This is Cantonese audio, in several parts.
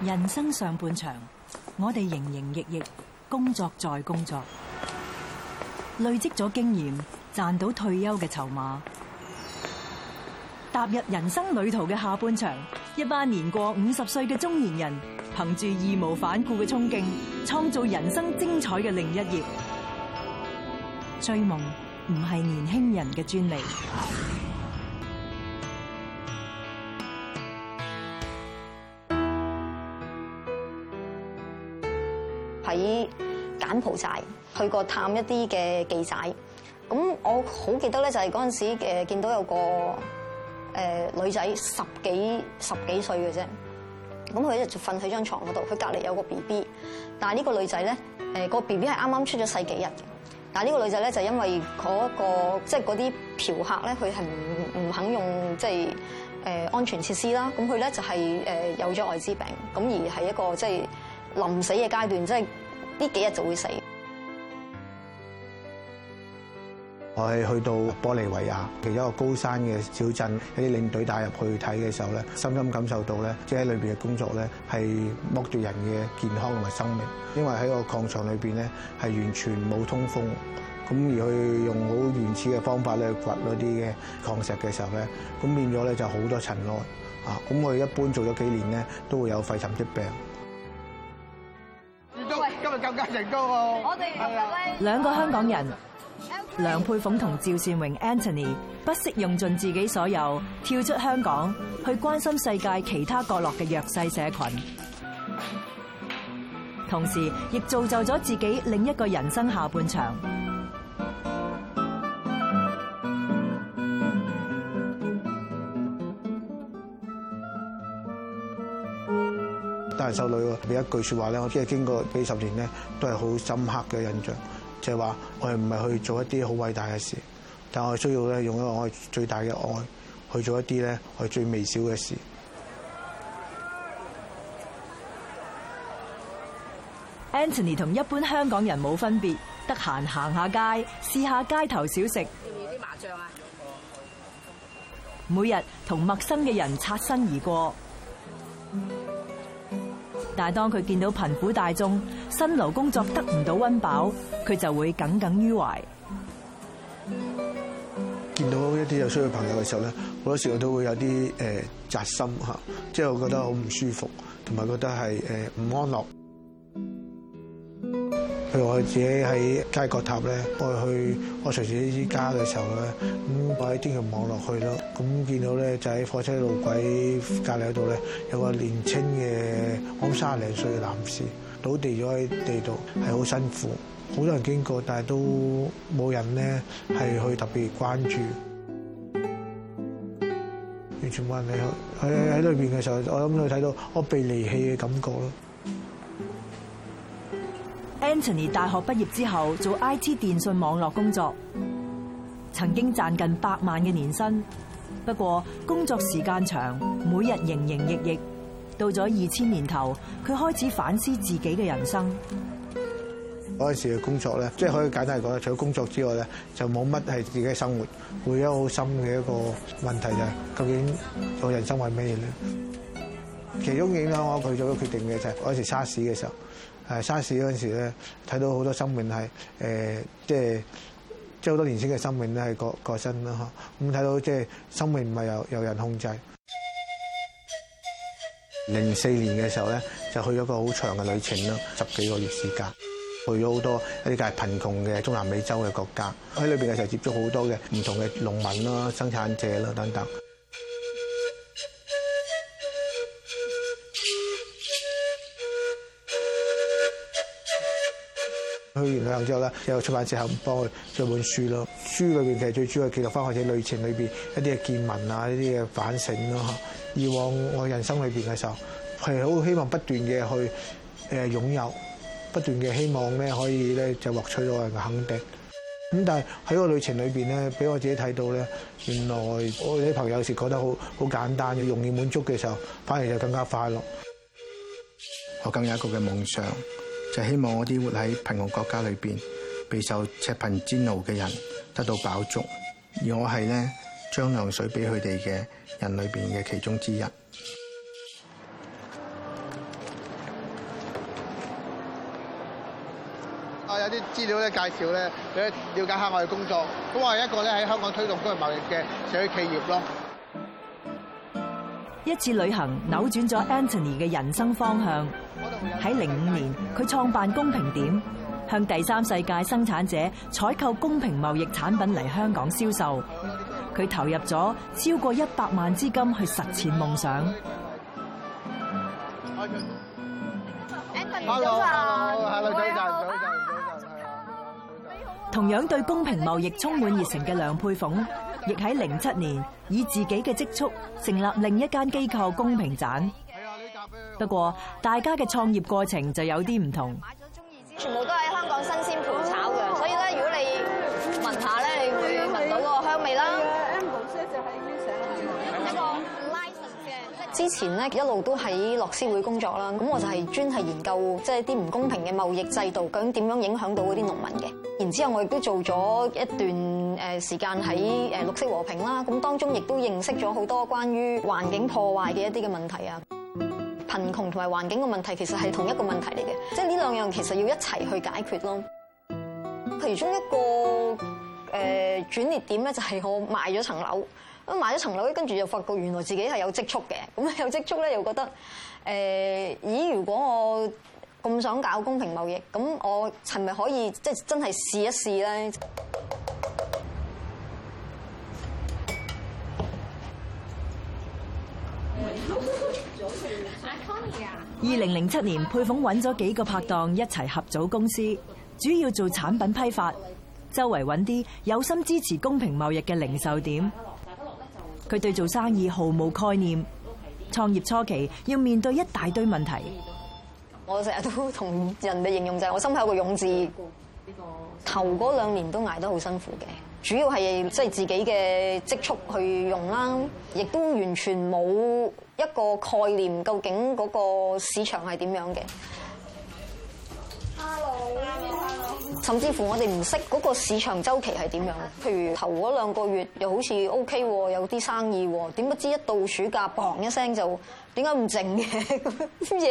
人生上半場，我哋營營役役，工作再工作，累積咗經驗，賺到退休嘅籌碼。踏入人生旅途嘅下半場，一班年過五十歲嘅中年人，憑住義無反顧嘅衝勁，創造人生精彩嘅另一頁。追夢唔係年輕人嘅專利。啲柬埔寨去過探一啲嘅妓仔，咁我好記得咧、那個，就係嗰陣時誒見到有個誒女仔十幾十幾歲嘅啫，咁佢一直就瞓喺張床嗰度，佢隔籬有個 B B，但係呢個女仔咧誒個 B B 係啱啱出咗世幾日，但係呢個女仔咧就因為嗰、那個即係嗰啲嫖客咧，佢係唔唔肯用即係誒安全設施啦，咁佢咧就係誒有咗艾滋病，咁而係一個即係臨死嘅階段，即係。呢幾日就會死。我係去到玻利維亞其中一個高山嘅小鎮，啲領隊帶入去睇嘅時候咧，深深感受到咧，即係喺裏邊嘅工作咧，係剝奪人嘅健康同埋生命。因為喺個礦場裏邊咧，係完全冇通風，咁而去用好原始嘅方法咧，掘嗰啲嘅礦石嘅時候咧，咁變咗咧就好多塵埃啊！咁我哋一般做咗幾年咧，都會有肺沉積病。啊、兩個香港人、啊、梁佩鳳同趙善榮 Anthony 不惜用盡自己所有，跳出香港去關心世界其他角落嘅弱勢社群，同時亦造就咗自己另一個人生下半場。秀女喎，一句說話咧，我真係經過幾十年咧，都係好深刻嘅印象，就係話我哋唔係去做一啲好偉大嘅事，但我哋需要咧用一個我哋最大嘅愛去做一啲咧我哋最微小嘅事。Anthony 同一般香港人冇分別，得閒行下街，試下街頭小食。中唔中意啲麻雀啊？每日同陌生嘅人擦身而過。但係當佢見到貧苦大眾辛勞工作得唔到溫飽，佢就會耿耿於懷。見到一啲有需要朋友嘅時候咧，好多時候都會有啲誒扎心吓，即係我覺得好唔舒服，同埋覺得係誒唔安樂。如我自己喺街角塔咧，我去我隨自己依家嘅時候咧，咁喺天橋望落去咯。咁見到咧就喺火車路軌隔離度咧，有個年青嘅，我諗卅零歲嘅男士倒地咗喺地度，係好辛苦。好多人經過，但係都冇人咧係去特別關注，完全冇人理。喺喺裏邊嘅時候，我諗佢睇到我被離棄嘅感覺咯。Anthony 大學畢業之後做 I T 電信網絡工作，曾經賺近百萬嘅年薪，不過工作時間長，每日營營役役。到咗二千年頭，佢開始反思自己嘅人生。嗰陣時嘅工作咧，即係可以簡單嚟講，除咗工作之外咧，就冇乜係自己嘅生活。會有好深嘅一個問題就係，究竟做人生為咩咧？其中影響我去做咗決定嘅就係嗰時沙士嘅時候。誒沙士嗰陣時咧，睇到好多生命係誒，即係即係好多年輕嘅生命咧，係過過身啦嚇，咁睇到即係生命唔係由由人控制。零四年嘅時候咧，就去咗個好長嘅旅程啦，十幾個月時間，去咗好多一啲嘅貧窮嘅中南美洲嘅國家，喺裏面嘅時候接觸好多嘅唔同嘅農民啦、生產者啦等等。去完旅行之後咧，有出版社肯幫佢出本書咯。書裏邊其實最主要係記錄翻我自己旅程裏邊一啲嘅見聞啊，呢啲嘅反省咯。以往我的人生裏邊嘅時候，係好希望不斷嘅去誒擁有，不斷嘅希望咧可以咧就獲取到人嘅肯定。咁但係喺個旅程裏邊咧，俾我自己睇到咧，原來我哋啲朋友時覺得好好簡單、容易滿足嘅時候，反而就更加快樂。我更有一個嘅夢想。就希望我啲活喺貧窮國家裏邊、備受赤貧煎熬嘅人得到飽足，而我係咧將涼水俾佢哋嘅人裏邊嘅其中之一。啊，有啲資料咧介紹咧，俾了解下我嘅工作。咁我係一個咧喺香港推動公平貿易嘅社會企業咯。一次旅行扭轉咗 Anthony 嘅人生方向。喺零五年，佢創辦公平點，向第三世界生產者採購公平貿易產品嚟香港銷售。佢投入咗超過一百萬資金去實踐夢想。Anthony, Hello，, Hello, Hello、啊啊啊、同樣對公平貿易充滿熱誠嘅梁佩鳳，亦喺零七年以自己嘅積蓄成立另一間機構公平棧。不過，大家嘅創業過程就有啲唔同。全部都喺香港新鮮焙炒嘅，所以咧，如果你聞下咧，你會聞到嗰個香味啦。之前咧一路都喺樂施會工作啦，咁我就係專係研究即係啲唔公平嘅貿易制度，究竟點樣影響到嗰啲農民嘅。然之後我亦都做咗一段誒時間喺誒綠色和平啦，咁當中亦都認識咗好多關於環境破壞嘅一啲嘅問題啊。貧窮同埋環境嘅問題，其實係同一個問題嚟嘅，即係呢兩樣其實要一齊去解決咯。其中一個誒轉、呃、捩點咧，就係我買咗層樓，咁買咗層樓，跟住又發覺原來自己係有積蓄嘅，咁有積蓄咧又覺得誒，咦、呃？如果我咁想搞公平貿易，咁我係咪可以即係、就是、真係試一試咧？二零零七年，佩鳳揾咗幾個拍檔一齊合組公司，主要做產品批發，周圍揾啲有心支持公平貿易嘅零售點。佢對做生意毫無概念，創業初期要面對一大堆問題。我成日都同人哋形容就係我心口有個勇字，頭嗰兩年都捱得好辛苦嘅。主要係即係自己嘅積蓄去用啦，亦都完全冇一個概念究竟嗰個市場係點樣嘅。甚至乎我哋唔識嗰個市場周期係點樣。譬如頭嗰兩個月又好似 OK 喎，有啲生意喎，點不知一到暑假，嘣一聲就點解唔靜嘅？先至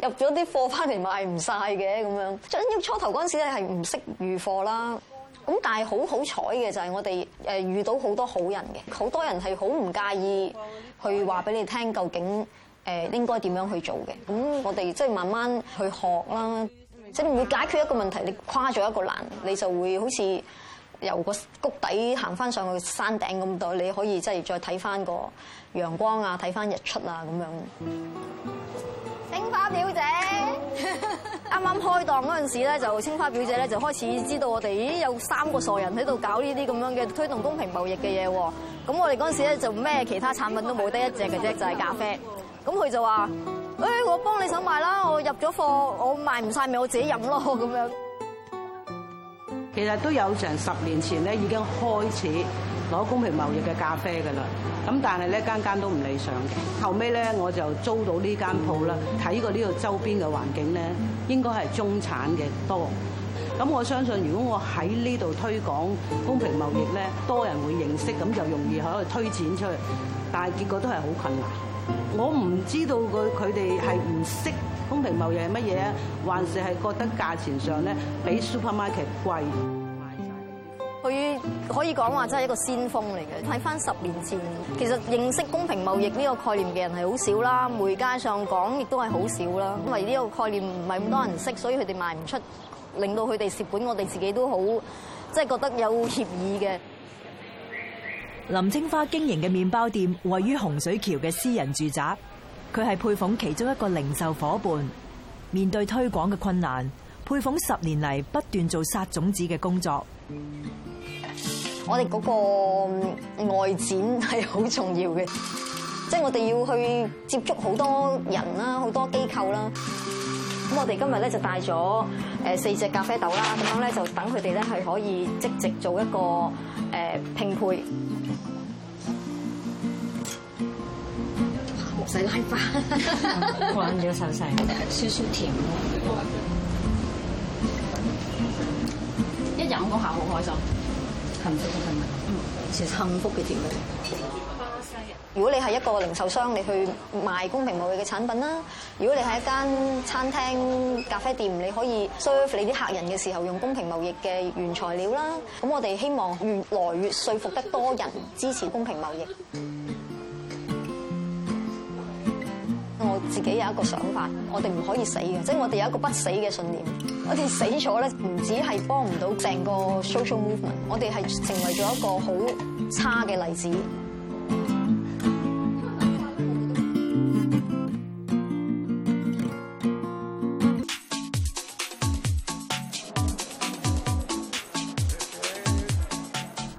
入咗啲貨翻嚟賣唔晒嘅咁樣。咁喐初頭嗰陣時咧係唔識預貨啦。咁但係好好彩嘅就係我哋誒遇到好多好人嘅。好多人係好唔介意去話俾你聽究竟誒應該點樣去做嘅。咁我哋即係慢慢去學啦。即係每解決一個問題，你跨咗一個欄，你就會好似由個谷底行翻上去山頂咁多，你可以即係再睇翻個陽光啊，睇翻日出啊咁樣。星花表姐。 啱啱開檔嗰陣時咧，就青花表姐咧就開始知道我哋，咦有三個傻人喺度搞呢啲咁樣嘅推動公平貿易嘅嘢喎。咁我哋嗰陣時咧就咩其他產品都冇得一隻嘅啫，就係、是、咖啡。咁佢就話：誒、哎、我幫你手賣啦，我入咗貨，我賣唔晒咪我自己飲咯咁樣。其實都有成十年前咧已經開始。攞公平貿易嘅咖啡㗎啦，咁但係咧間間都唔理想嘅。後尾咧我就租到呢間鋪啦，睇過呢度周邊嘅環境咧，應該係中產嘅多。咁我相信如果我喺呢度推廣公平貿易咧，多人會認識，咁就容易喺度推薦出去。但係結果都係好困難。我唔知道佢佢哋係唔識公平貿易係乜嘢，還是係覺得價錢上咧比 supermarket 貴。可以講話真係一個先鋒嚟嘅。睇返十年前，其實認識公平貿易呢個概念嘅人係好少啦。媒介上講亦都係好少啦，因為呢個概念唔係咁多人識，所以佢哋賣唔出，令到佢哋蝕本。我哋自己都好即係覺得有歉意嘅。林青花經營嘅麵包店位於洪水橋嘅私人住宅，佢係佩鳳其中一個零售伙伴。面對推廣嘅困難，佩鳳十年嚟不斷做撒種子嘅工作。我哋嗰個外展係好重要嘅，即係我哋要去接觸好多人啦，好多機構啦。咁我哋今日咧就帶咗誒四隻咖啡豆啦，咁樣咧就等佢哋咧係可以即時做一個誒拼配。唔使拉花，過年要手勢，少少甜，一飲嗰下好開心。幸福嘅甜，嗯，幸福嘅。如果你係一個零售商，你去賣公平貿易嘅產品啦；如果你係一間餐廳、咖啡店，你可以 serve 你啲客人嘅時候用公平貿易嘅原材料啦。咁我哋希望越來越説服得多人支持公平貿易。我自己有一個想法，我哋唔可以死嘅，即係我哋有一個不死嘅信念。我哋死咗咧，唔止係幫唔到成個 social movement，我哋係成為咗一個好差嘅例子。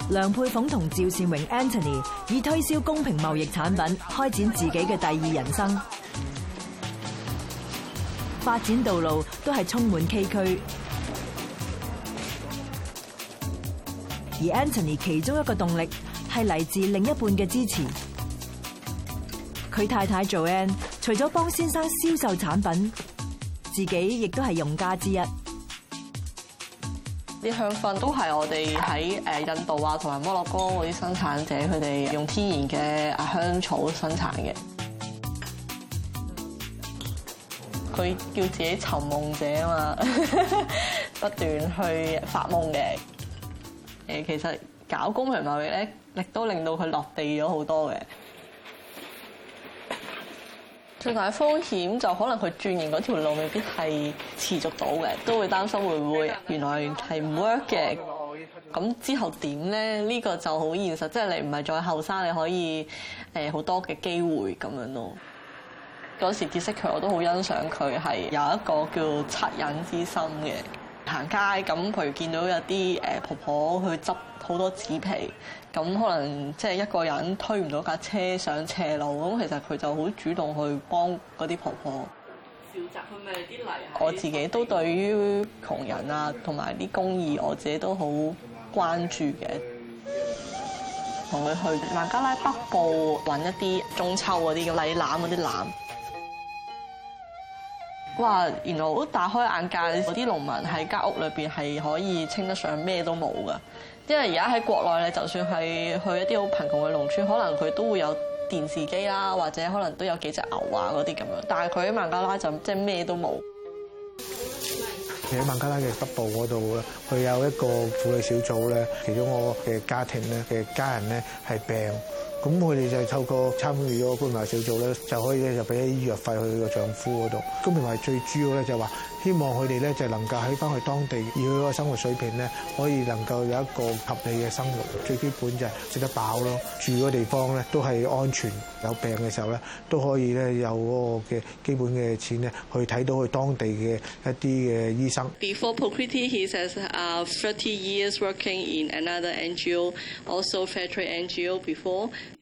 梁佩鳳同趙善榮 Anthony 以推銷公平貿易產品，開展自己嘅第二人生。發展道路都係充滿崎嶇，而 Anthony 其中一個動力係嚟自另一半嘅支持。佢太太做 Anne，除咗幫先生銷售產品，自己亦都係用家之一。啲香薰都係我哋喺誒印度啊，同埋摩洛哥嗰啲生產者，佢哋用天然嘅啊香草生產嘅。佢叫自己尋夢者啊嘛， 不斷去發夢嘅。誒，其實搞公平貿易咧，亦都令到佢落地咗好多嘅。最大嘅風險就可能佢轉完嗰條路未必係持續到嘅，都會擔心會唔會原來係唔 work 嘅。咁之後點咧？呢個就好現實，即係你唔係再後生，你可以誒好多嘅機會咁樣咯。嗰時結識，其佢我都好欣賞佢係有一個叫惻隱之心嘅行街咁，佢見到有啲婆婆去執好多紙皮，咁可能即係一個人推唔到架車上斜路，咁其實佢就好主動去幫嗰啲婆婆。小澤佢咪啲泥？我自己都對於窮人啊，同埋啲公義，我自己都好關注嘅。同佢去孟加拉北部搵一啲中秋嗰啲嘅禮籃嗰啲籃，籃。哇！原來好打開眼界，嗰啲農民喺間屋裏邊係可以稱得上咩都冇㗎，因為而家喺國內咧，就算係去一啲好貧窮嘅農村，可能佢都會有電視機啦，或者可能都有幾隻牛啊嗰啲咁樣，但係佢喺孟加拉就即係咩都冇。佢喺孟加拉嘅北部嗰度咧，佢有一個婦女小組咧，其中我嘅家庭咧嘅家人咧係病。咁佢哋就係透過參與個觀辦小組咧，就可以咧就俾啲醫藥費去個丈夫嗰度。咁辦係最主要咧，就係話。希望佢哋咧就能夠喺翻去當地，要佢個生活水平咧，可以能夠有一個合理嘅生活，最基本就係食得飽咯。住嗰地方咧都係安全，有病嘅時候咧都可以咧有嗰個嘅基本嘅錢咧去睇到佢當地嘅一啲嘅醫生。Before poverty, he has ah thirty years working in another NGO, also federal NGO before.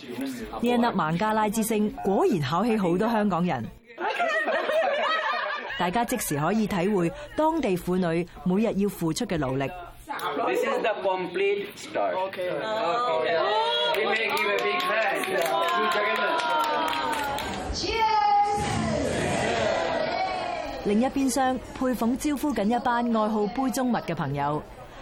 呢一粒孟加拉之星果然考起好多香港人，大家即時可以體會當地婦女每日要付出嘅努力。另一邊廂，佩鳳招呼緊一班愛好杯中物嘅朋友。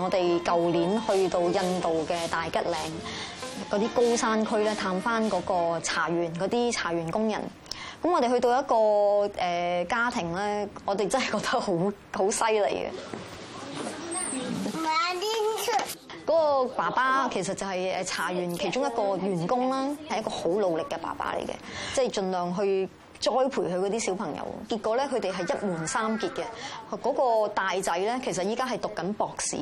我哋舊年去到印度嘅大吉嶺嗰啲高山區咧，探翻嗰個茶園嗰啲茶園工人。咁我哋去到一個誒家庭咧，我哋真係覺得好好犀利嘅。媽媽。嗰個爸爸其實就係誒茶園其中一個員工啦，係一個好努力嘅爸爸嚟嘅，即係盡量去栽培佢嗰啲小朋友。結果咧，佢哋係一門三傑嘅，嗰、個大仔咧，其實依家係讀緊博士。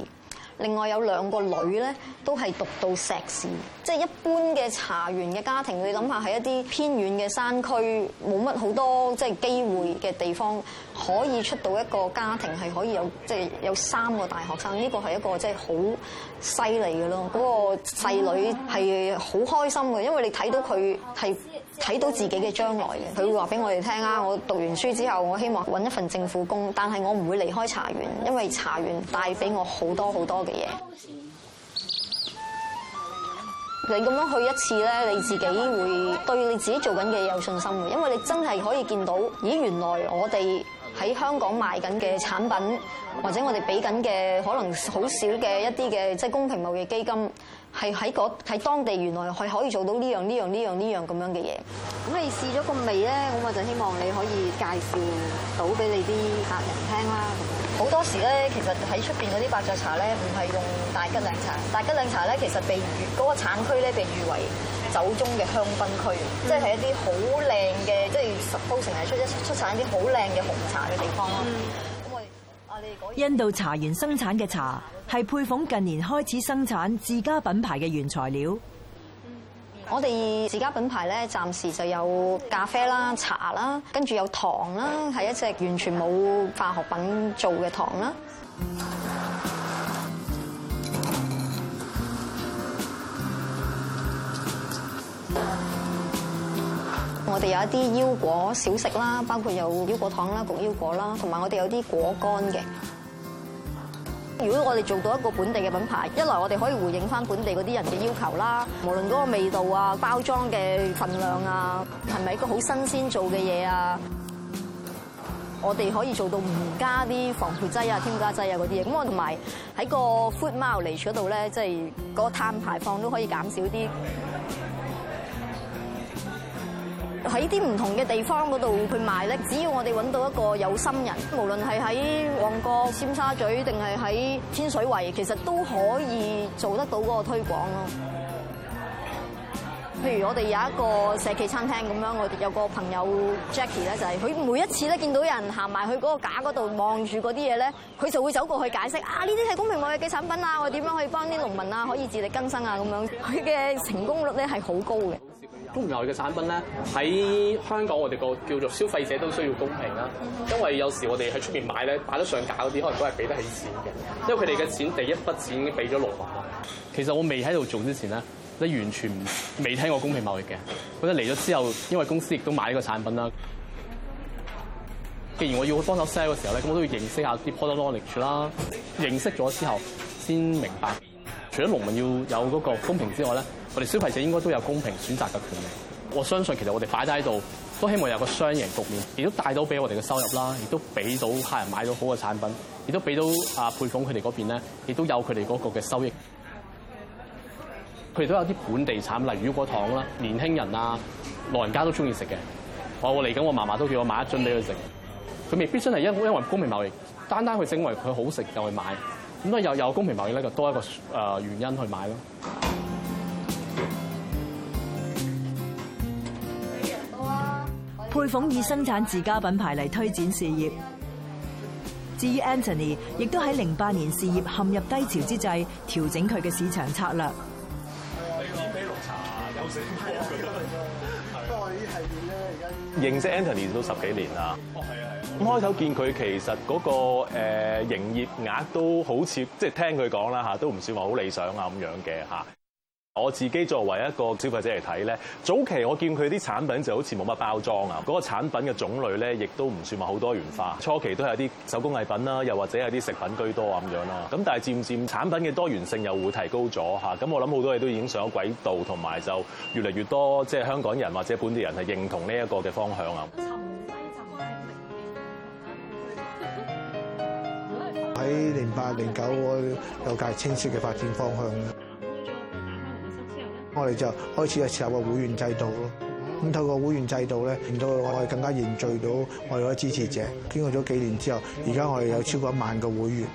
另外有兩個女咧，都係讀到碩士，即係一般嘅茶園嘅家庭，你諗下喺一啲偏遠嘅山區，冇乜好多即係機會嘅地方，可以出到一個家庭係可以有即係有三個大學生，呢個係一個即係好犀利嘅咯。嗰個細女係好開心嘅，因為你睇到佢係。睇到自己嘅將來嘅，佢會話俾我哋聽啊！我讀完書之後，我希望揾一份政府工，但係我唔會離開茶園，因為茶園帶俾我好多好多嘅嘢。你咁樣去一次呢，你自己會對你自己做緊嘅嘢有信心嘅，因為你真係可以見到，咦，原來我哋喺香港賣緊嘅產品，或者我哋俾緊嘅可能好少嘅一啲嘅，即係公平貿易基金。係喺喺當地原來係可以做到呢樣呢樣呢樣呢樣咁樣嘅嘢。咁你試咗個味咧，咁我就希望你可以介紹到俾你啲客人聽啦。好多時咧，其實喺出邊嗰啲伯爵茶咧，唔係用大吉嶺茶。大吉嶺茶咧，其實被譽嗰個產區咧，被譽為酒中嘅香檳區即是，即係係一啲好靚嘅，即係十方成日出一出產啲好靚嘅紅茶嘅地方咯。印度茶園生產嘅茶係佩鳳近年開始生產自家品牌嘅原材料。我哋自家品牌咧，暫時就有咖啡啦、茶啦，跟住有糖啦，係一隻完全冇化學品做嘅糖啦。有一啲腰果小食啦，包括有腰果糖啦，焗腰果啦，同埋我哋有啲果乾嘅。如果我哋做到一個本地嘅品牌，一來我哋可以回應翻本地嗰啲人嘅要求啦，無論嗰個味道啊、包裝嘅分量啊，係咪一個好新鮮做嘅嘢啊？我哋可以做到唔加啲防腐劑啊、添加劑啊嗰啲嘢。咁我同埋喺個 food mileage 度咧，即係個碳排放都可以減少啲。喺啲唔同嘅地方嗰度去賣咧，只要我哋揾到一個有心人，無論係喺旺角、尖沙咀定係喺天水圍，其實都可以做得到嗰個推廣咯。譬如我哋有一個社企餐廳，咁樣，我哋有一個朋友 Jackie 咧，就係佢每一次咧見到人行埋去嗰個架嗰度望住嗰啲嘢咧，佢就會走過去解釋啊！呢啲係公平貿易嘅產品啊，我點樣可以幫啲農民啊，可以自力更生啊咁樣，佢嘅成功率咧係好高嘅。公平貿易嘅產品咧，喺香港我哋個叫做消費者都需要公平啦。因為有時我哋喺出面買咧，擺得上架嗰啲可能都係俾得起錢嘅。因為佢哋嘅錢第一筆錢已經俾咗農民啦。其實我未喺度做之前咧，你完全未聽過公平貿易嘅。佢得嚟咗之後，因為公司亦都買呢個產品啦。既然我要去幫手 sell 嘅時候咧，咁我都要認識下啲 product knowledge 啦。認識咗之後，先明白。除咗農民要有嗰個公平之外咧，我哋消費者應該都有公平選擇嘅權利。我相信其實我哋擺低喺度，都希望有個雙贏局面，亦都帶到俾我哋嘅收入啦，亦都俾到客人買到好嘅產品，亦都俾到啊佩鳳佢哋嗰邊咧，亦都有佢哋嗰個嘅收益。佢哋都有啲本地產，例如果糖啦，年輕人啊、老人家都中意食嘅。我來我嚟緊，我嫲嫲都叫我買一樽俾佢食。佢未必真係因因為公平貿易，單單佢認為佢好食就去買。咁所又有公平貿易咧，就多一個誒原因去買咯。佩鳳以生產自家品牌嚟推展事業。至於 Anthony，亦都喺零八年事業陷入低潮之際調整佢嘅市場策略。綠茶有係咧，而家認識 Anthony 都十幾年啦。哦，係啊，係啊，咁開頭見佢其實嗰個誒營業額都好似即係聽佢講啦嚇，都唔算話好理想啊咁樣嘅嚇。我自己作為一個消費者嚟睇咧，早期我見佢啲產品就好似冇乜包裝啊，嗰個產品嘅種類咧亦都唔算話好多元化。初期都係有啲手工藝品啦，又或者係啲食品居多啊咁樣啦。咁但係漸漸產品嘅多元性又會提高咗吓，咁我諗好多嘢都已經上咗軌道，同埋就越嚟越多即係香港人或者本地人係認同呢一個嘅方向啊。喺零八零九，會有界清晰嘅發展方向。我哋就開始嘅設立個會員制度咯，咁透過會員制度咧，令到我哋更加凝聚到我哋嘅支持者。經過咗幾年之後，而家我哋有超過一萬個會員。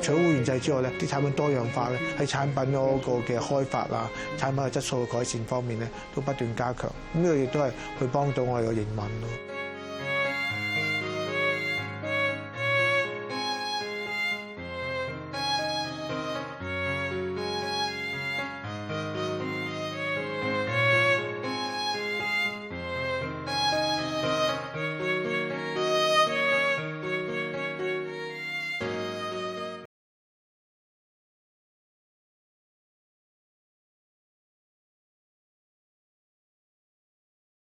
除咗會員制之外咧，啲產品多樣化咧，喺產品嗰個嘅開發啊，產品嘅質素嘅改善方面咧，都不斷加強。咁呢個亦都係去幫到我哋嘅營運咯。